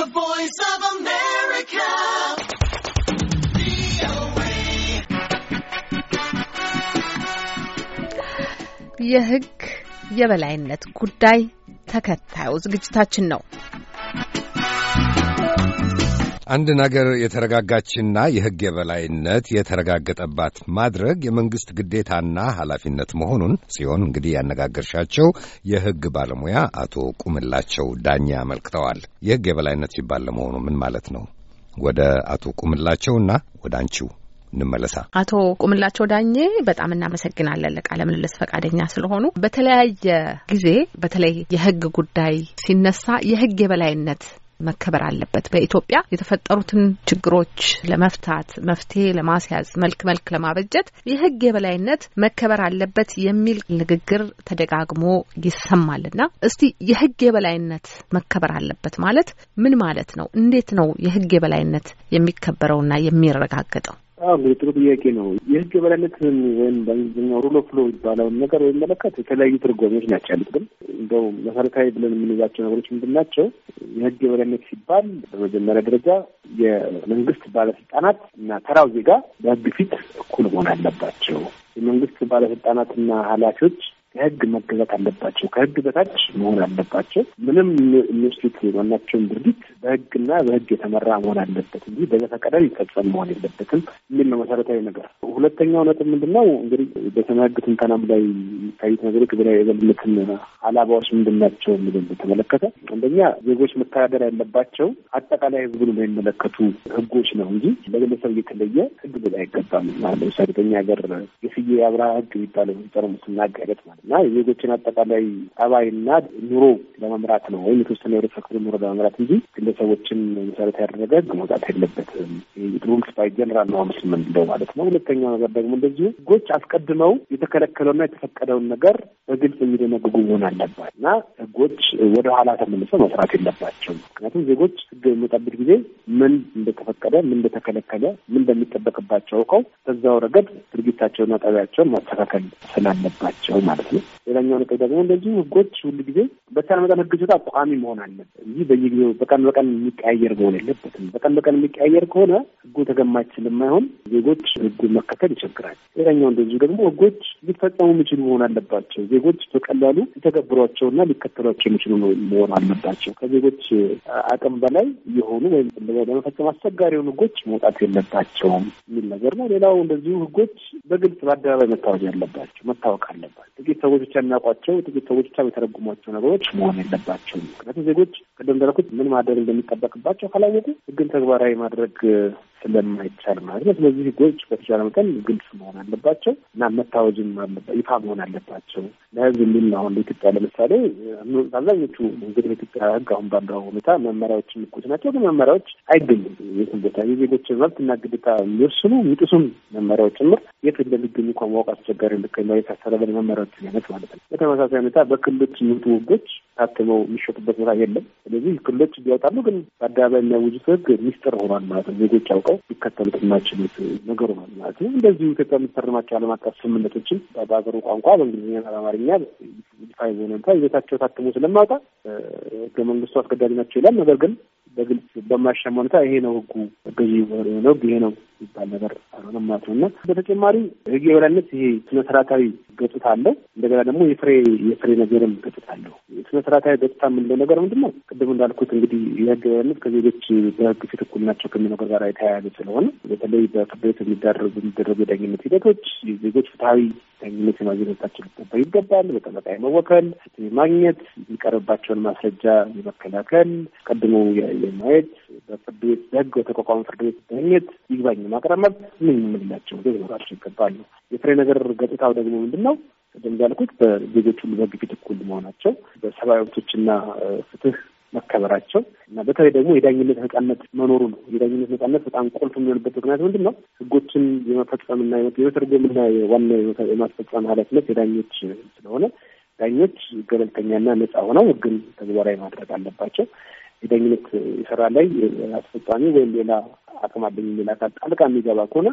The Voice of America. የህግ የበላይነት ጉዳይ ተከታዩ ዝግጅታችን ነው። አንድን ነገር የተረጋጋችና የሕግ የበላይነት የተረጋገጠባት ማድረግ የመንግሥት ግዴታና ኃላፊነት መሆኑን ሲሆን እንግዲህ ያነጋገርሻቸው የሕግ ባለሙያ አቶ ቁምላቸው ዳኛ አመልክተዋል። የሕግ የበላይነት ሲባል ለመሆኑ ምን ማለት ነው? ወደ አቶ ቁምላቸውና ወደ አንቺው እንመለሳ። አቶ ቁምላቸው ዳኜ በጣም እናመሰግናለን ለቃለ ምልልስ ፈቃደኛ ስለሆኑ። በተለያየ ጊዜ በተለይ የህግ ጉዳይ ሲነሳ የህግ የበላይነት መከበር አለበት። በኢትዮጵያ የተፈጠሩትን ችግሮች ለመፍታት መፍትሄ ለማስያዝ መልክ መልክ ለማበጀት የህግ የበላይነት መከበር አለበት የሚል ንግግር ተደጋግሞ ይሰማልና እስቲ የህግ የበላይነት መከበር አለበት ማለት ምን ማለት ነው? እንዴት ነው የህግ የበላይነት የሚከበረውና የሚረጋገጠው? እንግዲህ ጥሩ ጥያቄ ነው። የህግ የበላይነት ወይም በእንግሊዝኛው ሩል ኦፍ ሎው የሚባለውን ነገር በሚመለከት የተለያዩ ትርጓሜዎች ናቸው ያሉት። ግን እንደው መሰረታዊ ብለን የምንይዛቸው ነገሮች ምንድን ናቸው? የህግ የበላይነት ሲባል በመጀመሪያ ደረጃ የመንግስት ባለስልጣናት እና ተራው ዜጋ በህግ ፊት እኩል መሆን አለባቸው። የመንግስት ባለስልጣናትና ኃላፊዎች ከህግ መገዛት አለባቸው። ከህግ በታች መሆን አለባቸው። ምንም የሚወስዱት ማናቸውም ድርጊት በህግና በህግ የተመራ መሆን አለበት እንጂ በዘፈቀደ ሊፈጸም መሆን የለበትም የሚል ነው መሰረታዊ ነገር። ሁለተኛው ነጥብ ምንድን ነው እንግዲህ በስነ ህግ ትንተናም ላይ የሚታዩት ነገሮች ብሔራዊ የበላይነትን አላባዎች ምንድን ናቸው የሚለውን በተመለከተ አንደኛ ዜጎች መተዳደር ያለባቸው አጠቃላይ ህዝቡን የሚመለከቱ ህጎች ነው እንጂ ለግለሰብ እየተለየ ህግ ብላ አይገባም። ለምሳሌ በኛ ሀገር የስዬ አብርሃ ህግ የሚባለው ጸረ ስናገረት ማለት እና የዜጎችን አጠቃላይ ጠባይና ኑሮ ለመምራት ነው ወይም የተወሰነ የህብረተሰብ ክፍል ኑሮ ለመምራት እንጂ ሰዎችን መሰረት ያደረገ መውጣት የለበትም። ሩልስ ባይ ጀነራል ነው አምስት ምንለው ማለት ነው። ሁለተኛው ነገር ደግሞ እንደዚሁ ህጎች አስቀድመው የተከለከለውና የተፈቀደውን ነገር በግልጽ የሚደነግጉ መሆን አለባት እና ህጎች ወደ ኋላ ተመልሰው መስራት የለባቸው። ምክንያቱም ዜጎች ህግ የሚወጣበት ጊዜ ምን እንደተፈቀደ፣ ምን እንደተከለከለ፣ ምን እንደሚጠበቅባቸው አውቀው በዛው ረገድ ድርጊታቸውና ጠቢያቸውን ማስተካከል ስላለባቸው ማለት ነው። ሌላኛው ነጥብ ደግሞ እንደዚሁ ህጎች ሁሉ ጊዜ በተለመጠን ህግ ሲወጣ ቋሚ መሆን አለበት እንጂ በየጊዜው በቀን በቀን የሚቀያየር መሆን የለበትም። በቀን በቀን የሚቀያየር ከሆነ ህጉ ተገማች ስለማይሆን ዜጎች ህጉን መከተል ይቸግራል። ሌላኛው እንደዚሁ ደግሞ ህጎች ሊፈጸሙ የሚችሉ መሆን አለባቸው። ዜጎች በቀላሉ ሊተገብሯቸውና ሊከተሏቸው የሚችሉ መሆን አለባቸው። ከዜጎች አቅም በላይ የሆኑ ወይም ለመፈጸም አስቸጋሪውን ህጎች መውጣት የለባቸውም የሚል ነገር ነው። ሌላው እንደዚሁ ህጎች በግልጽ በአደባባይ መታወጅ አለባቸው፣ መታወቅ አለባቸው። ጥቂት ሰዎች ብቻ የሚያውቋቸው፣ ጥቂት ሰዎች ብቻ የተረጉሟቸው ነገሮች መሆን የለባቸው። ምክንያቱም ዜጎች ቅድም እንዳልኩት ምን ማደር እንደሚጠበቅባቸው ካላወቁ ህግን ተግባራዊ ማድረግ ስለማይቻል ማለት ነው። ስለዚህ ህጎች በተቻለ መጠን ግልጽ መሆን አለባቸው እና መታወጅም ይፋ መሆን አለባቸው ለህዝብ የሚል ነው። አሁን ለኢትዮጵያ ለምሳሌ አብዛኞቹ እንግዲህ በኢትዮጵያ ህግ አሁን ባለው ሁኔታ መመሪያዎች የሚቁት ናቸው። ግን መመሪያዎች አይገኙም የትም ቦታ የዜጎችን እና ግዴታ የሚወስኑ የሚጥሱም መመሪያዎች ጭምር የት እንደሚገኙ እንኳ ማወቅ አስቸጋሪ ልክ መሬት አስተዳደር መመሪያዎች አይነት ማለት ነው። በተመሳሳይ ሁኔታ በክልሎች የሚወጡ ህጎች ታትመው የሚሸጡበት ቦታ የለም። ስለዚህ ክልሎች ቢያወጣሉ፣ ግን በአደባባይ የሚያውጁት ህግ ሚስጥር ሆኗል ማለት ነው። ዜጎች አውቀው ሊከተሉት የማይችሉት ነገሩ ነው። እንደዚሁ ኢትዮጵያ የምትፈርማቸው ዓለም አቀፍ ስምምነቶችን በሀገሩ ቋንቋ በእንግሊዝኛ፣ በአማርኛ ዲፋይዞ ነንታ ይዘታቸው ታትሞ ስለማውጣ ህገ መንግስቱ አስገዳጅ ናቸው ይላል። ነገር ግን በግልጽ በማያሻማ ሁኔታ ይሄ ነው ህጉ ገዢ ነው ይሄ ነው የሚባል ነገር አልሆነም ማለት ነው። እና በተጨማሪ ህግ የበላይነት ይሄ ስነስርዓታዊ ገጽታ አለው። እንደገና ደግሞ የፍሬ የፍሬ ነገርም ገጽታ አለው። ስነስርዓታዊ ገጽታ የምንለው ነገር ምንድን ነው? ቅድም እንዳልኩት እንግዲህ የህግ የበላይነት ከዜጎች በህግ ፊት እኩል ናቸው ከሚል ነገር ጋር የተያያዘ ስለሆነ በተለይ በፍርድ ቤት የሚደረጉ የሚደረጉ የዳኝነት ሂደቶች የዜጎች ፍትሀዊ ተግሎት የማግኘት ሊጠበቅ ይገባል። በጠበቃ የመወከል ማግኘት፣ የሚቀርብባቸውን ማስረጃ የመከላከል ቀድሞ የማየት በፍርድ ቤት በህግ በተቋቋመ ፍርድ ቤት መገኘት ይግባኝ ማቅረብ ምን የምንላቸው ሊኖራቸው ይገባሉ። የፍሬ ነገር ገጽታው ደግሞ ምንድን ነው? ቅድም እንዳልኩት በዜጎች ሁሉ በህግ ፊት እኩል መሆናቸው በሰብአዊ መብቶችና ፍትህ መከበራቸው እና በተለይ ደግሞ የዳኝነት ነጻነት መኖሩ ነው። የዳኝነት ነጻነት በጣም ቁልፍ የሚሆንበት ምክንያት ምንድን ነው? ህጎችን የመፈጸምና የመተርጎምና ዋና የማስፈጸም ኃላፊነት የዳኞች ስለሆነ ዳኞች ገለልተኛና ነጻ ሆነው ህግን ተግባራዊ ማድረግ አለባቸው። የዳኝነት ስራ ላይ አስፈጻሚ ወይም ሌላ አቅም አለኝ የሚል አካል ጣልቃ የሚገባ ከሆነ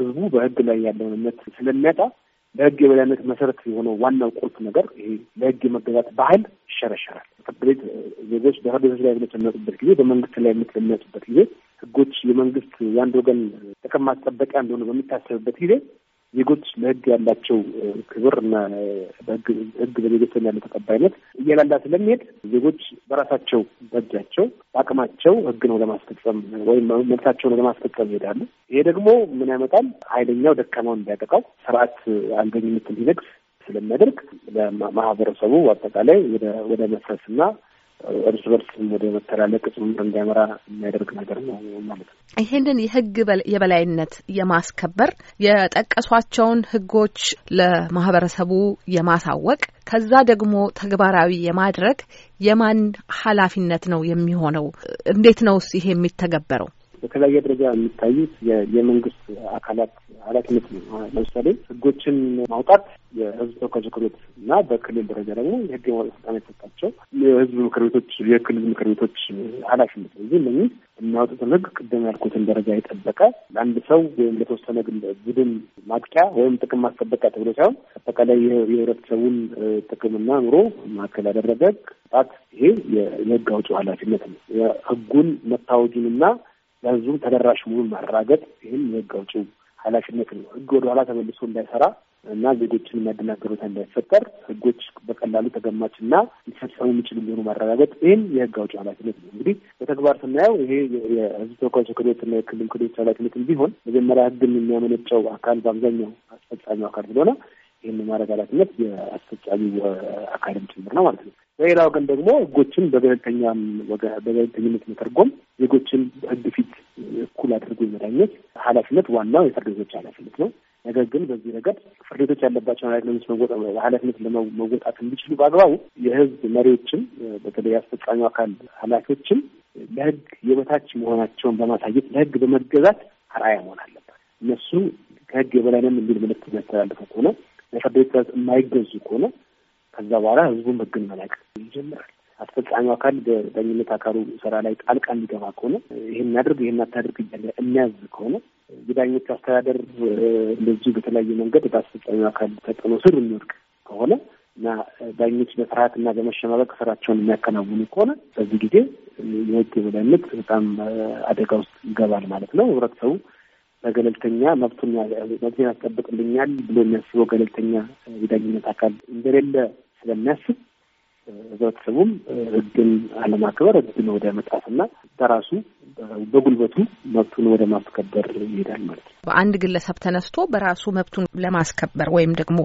ህዝቡ በህግ ላይ ያለውን እምነት ስለሚያጣ ለህግ የበላይነት መሰረት የሆነው ዋናው ቁልፍ ነገር ይሄ ለህግ የመገዛት ባህል ይሸረሸራል። ፍርድ ቤት ዜጎች በፍርድ ቤቶች ላይ እምነት በሚያጡበት ጊዜ፣ በመንግስት ላይ እምነት በሚያጡበት ጊዜ ህጎች የመንግስት የአንድ ወገን ጥቅም ማስጠበቂያ እንደሆነ በሚታሰብበት ጊዜ ዜጎች ለህግ ያላቸው ክብር እና ህግ በዜጎች ያለው ተቀባይነት ስለሚሄድ ዜጎች በራሳቸው በእጃቸው አቅማቸው ህግ ነው ለማስፈጸም ወይም መብታቸውን ለማስፈጸም ይሄዳሉ። ይሄ ደግሞ ምን ያመጣል? ኃይለኛው ደካማውን እንዲያጠቃው፣ ስርዓት አልበኝነት እንዲነግስ ስለሚያደርግ ለማህበረሰቡ አጠቃላይ ወደ መፍረስና እርስ በርስ ወደ መተላለቅ ጭምር እንዲያመራ የሚያደርግ ነገር ነው ማለት ነው። ይህንን የህግ የበላይነት የማስከበር የጠቀሷቸውን ህጎች ለማህበረሰቡ የማሳወቅ ከዛ ደግሞ ተግባራዊ የማድረግ የማን ኃላፊነት ነው የሚሆነው? እንዴት ነውስ ይሄ የሚተገበረው? በተለያየ ደረጃ የሚታዩት የመንግስት አካላት ኃላፊነት ነው። ለምሳሌ ህጎችን ማውጣት የህዝብ ተወካዮች ምክር ቤት እና በክልል ደረጃ ደግሞ የህግ የማውጣት ስልጣን የተሰጣቸው የህዝብ ምክር ቤቶች የክልል ምክር ቤቶች ኃላፊነት ነው። እዚህ ለሚ የሚያወጡትን ህግ ቅድም ያልኩትን ደረጃ የጠበቀ ለአንድ ሰው ወይም ለተወሰነ ቡድን ማጥቂያ ወይም ጥቅም ማስጠበቂያ ተብሎ ሳይሆን አጠቃላይ የህብረተሰቡን ጥቅምና ኑሮ ማዕከል ያደረገ ጣት ይሄ የህግ አውጪው ኃላፊነት ነው። ህጉን መታወጁንና ለህዝቡ ተደራሽ መሆኑን ማረጋገጥ ይህም የህግ አውጪው ኃላፊነት ነው። ህግ ወደኋላ ተመልሶ እንዳይሰራ እና ዜጎችን የሚያደናገሩት እንዳይፈጠር ህጎች በቀላሉ ተገማች እና ሊፈጸሙ የሚችሉ እንዲሆኑ ማረጋገጥ ይህም የህግ አውጪ ኃላፊነት ነው። እንግዲህ በተግባር ስናየው ይሄ የህዝብ ተወካዮች ምክር ቤትና የክልል ምክር ቤቶች ኃላፊነትም ቢሆን መጀመሪያ ህግን የሚያመነጨው አካል በአብዛኛው አስፈጻሚው አካል ስለሆነ ይህን ማድረግ ኃላፊነት የአስፈጻሚ አካልም ጭምር ነው ማለት ነው። በሌላው ወገን ደግሞ ህጎችን በገለልተኛም በገለልተኝነት መተርጎም ዜጎችን ህግ ፊት እኩል አድርጎ የመዳኘት ኃላፊነት ዋናው የፍርድ ቤቶች ኃላፊነት ነው። ነገር ግን በዚህ ረገድ ፍርድ ቤቶች ያለባቸውን ኃላፊነት ለመወጣት እንዲችሉ በአግባቡ የህዝብ መሪዎችም በተለይ የአስፈጻሚው አካል ኃላፊዎችም ለህግ የበታች መሆናቸውን በማሳየት ለህግ በመገዛት አርአያ መሆን አለባት። እነሱ ከህግ የበላይ ነን የሚል ምልክት የሚያስተላልፉ ከሆነ ለፍርድ ቤት ትዕዛዝ የማይገዙ ከሆነ ከዛ በኋላ ህዝቡን ህግን መላቅ ይጀምራል። አስፈጻሚው አካል በዳኝነት አካሉ ስራ ላይ ጣልቃ የሚገባ ከሆነ ይህን አድርግ ይህን አታድርግ እያለ የሚያዝ ከሆነ የዳኞቹ አስተዳደር እንደዚሁ በተለያየ መንገድ በአስፈጻሚው አካል ተጽዕኖ ስር የሚወድቅ ከሆነ እና ዳኞች በፍርሃት እና በመሸማበቅ ስራቸውን የሚያከናውኑ ከሆነ በዚህ ጊዜ የህግ የበላይነት በጣም አደጋ ውስጥ ይገባል ማለት ነው። ህብረተሰቡ በገለልተኛ መብቱን መብቱን ያስጠብቅልኛል ብሎ የሚያስበው ገለልተኛ የዳኝነት አካል እንደሌለ ስለሚያስብ ህብረተሰቡም ህግን አለማክበር ህግን ወደ መጣፍና በራሱ በጉልበቱ መብቱን ወደ ማስከበር ይሄዳል ማለት ነው። በአንድ ግለሰብ ተነስቶ በራሱ መብቱን ለማስከበር ወይም ደግሞ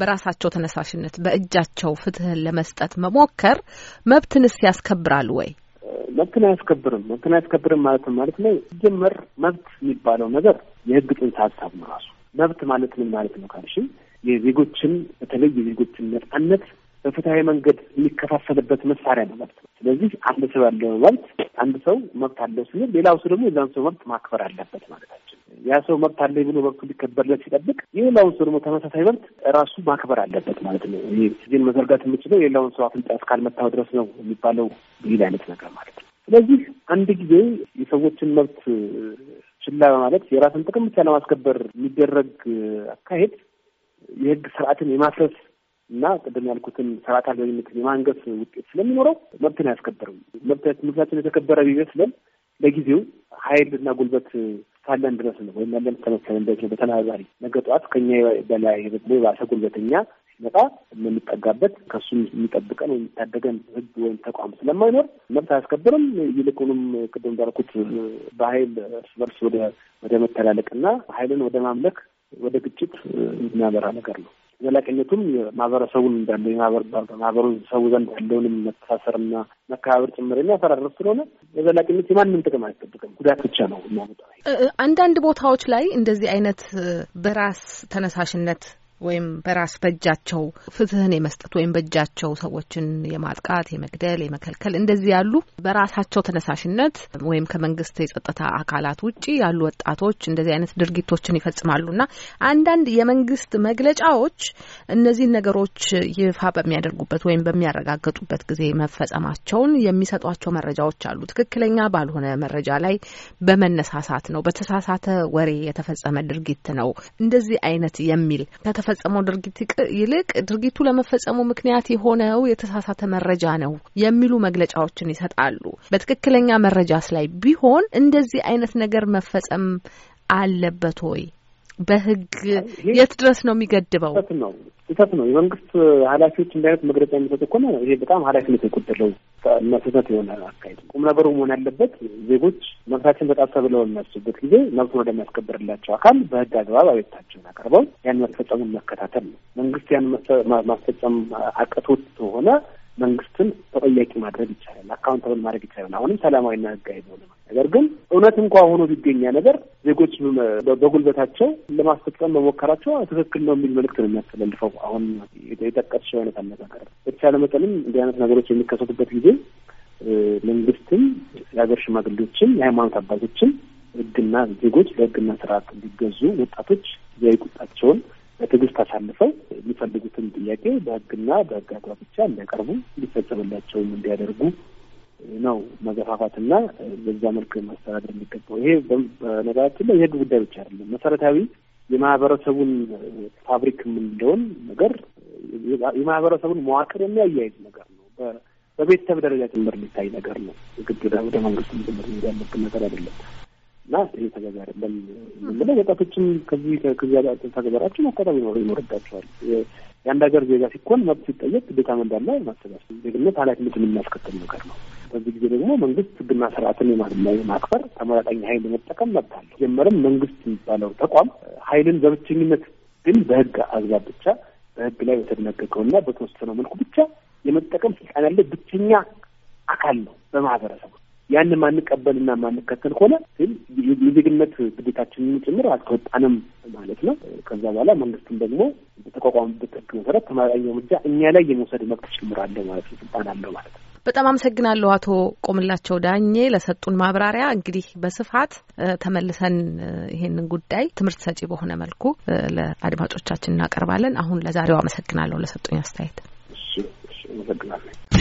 በራሳቸው ተነሳሽነት በእጃቸው ፍትህን ለመስጠት መሞከር መብትንስ ያስከብራል ወይ? መብትን አያስከብርም። መብትን አያስከብርም ማለት ማለት ነው። ሲጀመር መብት የሚባለው ነገር የህግ ጽንሰ ሀሳብ ነው። ራሱ መብት ማለት ምን ማለት ነው ካልሽም የዜጎችን በተለይ የዜጎችን ነጻነት በፍትሐዊ መንገድ የሚከፋፈልበት መሳሪያ ነው ማለት ነው። ስለዚህ አንድ ሰው ያለው መብት አንድ ሰው መብት አለው ስንል ሌላው ሰው ደግሞ የዛን ሰው መብት ማክበር አለበት ማለታችን። ያ ሰው መብት አለ ብሎ መብቱ ሊከበርለት ሲጠብቅ የሌላውን ሰው ደግሞ ተመሳሳይ መብት ራሱ ማክበር አለበት ማለት ነው። ይህን መዘርጋት የምችለው የሌላውን ሰው አፍንጫ እስካልመታው ድረስ ነው የሚባለው ይል አይነት ነገር ማለት ነው። ስለዚህ አንድ ጊዜ የሰዎችን መብት ችላ በማለት የራስን ጥቅም ብቻ ለማስከበር የሚደረግ አካሄድ የህግ ስርዓትን የማፍረስ እና ቅድም ያልኩትን ስርዓት አልበኝነት የማንገስ ውጤት ስለሚኖረው መብትን አያስከበርም። መብታችን የተከበረ ቢመስለን ለጊዜው እና ጉልበት ካለን ድረስ ነው ወይም ያለን ተመሰለን ደች በተናዛሪ ነገ ጠዋት ከኛ በላይ ደግሞ የባሰ ጉልበተኛ ሲመጣ የምንጠጋበት ከሱ የሚጠብቀን ወይም የሚታደገን ህግ ወይም ተቋም ስለማይኖር መብት አያስከብርም። ይልቁንም ቅድም እንዳልኩት በኃይል እርስ በርስ ወደ መተላለቅና ኃይልን ወደ ማምለክ ወደ ግጭት የሚያመራ ነገር ነው። ዘላቂነቱም ማህበረሰቡን እንዳለ ማህበረሰቡ ዘንድ ያለውንም መተሳሰርና መከባበር ጭምር የሚያፈራርስ ስለሆነ በዘላቂነት የማንም ጥቅም አይጠብቅም፣ ጉዳት ብቻ ነው። አንዳንድ ቦታዎች ላይ እንደዚህ አይነት በራስ ተነሳሽነት ወይም በራስ በእጃቸው ፍትህን የመስጠት ወይም በእጃቸው ሰዎችን የማጥቃት የመግደል፣ የመከልከል እንደዚህ ያሉ በራሳቸው ተነሳሽነት ወይም ከመንግስት የጸጥታ አካላት ውጭ ያሉ ወጣቶች እንደዚህ አይነት ድርጊቶችን ይፈጽማሉና አንዳንድ የመንግስት መግለጫዎች እነዚህን ነገሮች ይፋ በሚያደርጉበት ወይም በሚያረጋግጡበት ጊዜ መፈጸማቸውን የሚሰጧቸው መረጃዎች አሉ። ትክክለኛ ባልሆነ መረጃ ላይ በመነሳሳት ነው፣ በተሳሳተ ወሬ የተፈጸመ ድርጊት ነው እንደዚህ አይነት የሚል ከሚፈጸመው ድርጊት ይልቅ ድርጊቱ ለመፈጸሙ ምክንያት የሆነው የተሳሳተ መረጃ ነው የሚሉ መግለጫዎችን ይሰጣሉ። በትክክለኛ መረጃስ ላይ ቢሆን እንደዚህ አይነት ነገር መፈጸም አለበት ወይ? በህግ የት ድረስ ነው የሚገድበው? ስህተት ነው ስህተት ነው። የመንግስት ኃላፊዎች እንዲህ አይነት መግለጫ የሚሰጡ እኮ ነው። ይሄ በጣም ኃላፊነት የጎደለው እና ስህተት የሆነ አካሄድ። ቁም ነገሩ መሆን ያለበት ዜጎች መብታችን በጣም ተብለው የሚያስቡበት ጊዜ መብቱን ወደሚያስከብርላቸው አካል በህግ አግባብ አቤቱታቸውን አቀርበው ያን መፈጸሙን መከታተል ነው። መንግስት ያን ማስፈጸም አቅቶት ሆነ መንግስትን ተጠያቂ ማድረግ ይቻላል፣ አካውንታብል ማድረግ ይቻላል። አሁንም ሰላማዊና ህጋዊ በሆነ ነገር ግን እውነት እንኳ ሆኖ ቢገኛ ነገር ዜጎች በጉልበታቸው ለማስፈጸም መሞከራቸው ትክክል ነው የሚል መልእክት ነው የሚያስተላልፈው። አሁን የጠቀስሽው አይነት አነጋገር በተቻለ መጠንም እንዲህ አይነት ነገሮች የሚከሰቱበት ጊዜ መንግስትም የሀገር ሽማግሌዎችም የሃይማኖት አባቶችም ህግና ዜጎች ለህግና ስርዓት እንዲገዙ ወጣቶች ጊዜያዊ በትዕግስት አሳልፈው የሚፈልጉትን ጥያቄ በህግና በህግ አግባብ ብቻ እንዲያቀርቡ እንዲፈጸምላቸውም እንዲያደርጉ ነው መገፋፋትና በዛ መልክ ማስተዳደር የሚገባው። ይሄ በነገራችን ላይ የህግ ጉዳይ ብቻ አይደለም። መሰረታዊ የማህበረሰቡን ፋብሪክ የምንለውን ነገር የማህበረሰቡን መዋቅር የሚያያይዝ ነገር ነው። በቤተሰብ ደረጃ ጭምር የሚታይ ነገር ነው። ግድ ወደ መንግስት ጭምር ያለብን ነገር አይደለም። እና ይሄ ተገቢ አይደለም የምንለው ወጣቶችን ከዚህ ከዚያ ተግባራቸው መቆጠብ ይኖርባቸዋል። የአንድ ሀገር ዜጋ ሲኮን መብት ሲጠየቅ ግዴታም እንዳለ ማሰባስ ዜግነት ኃላፊነት የምናስከትል ነገር ነው። በዚህ ጊዜ ደግሞ መንግስት ህግና ስርዓትን ማክበር ተመራጣኝ ሀይል መጠቀም መብት አለው። ጀመርም መንግስት የሚባለው ተቋም ሀይልን በብቸኝነት ግን በህግ አግባብ ብቻ በህግ ላይ በተደነገገውና በተወሰነው መልኩ ብቻ የመጠቀም ስልጣን ያለ ብቸኛ አካል ነው በማህበረሰቡ ያን ማንቀበልና ማንከተል ከሆነ ግን የዜግነት ግዴታችንን ጭምር አልተወጣንም ማለት ነው። ከዛ በኋላ መንግስትም ደግሞ በተቋቋመበት ህግ መሰረት ተመጣጣኝ እርምጃ እኛ ላይ የመውሰድ መብት ጭምር አለ ማለት ነው፣ ስልጣን አለው ማለት ነው። በጣም አመሰግናለሁ አቶ ቆምላቸው ዳኜ ለሰጡን ማብራሪያ። እንግዲህ በስፋት ተመልሰን ይሄንን ጉዳይ ትምህርት ሰጪ በሆነ መልኩ ለአድማጮቻችን እናቀርባለን። አሁን ለዛሬው አመሰግናለሁ ለሰጡኝ አስተያየት። እሺ፣ እሺ፣ አመሰግናለሁ።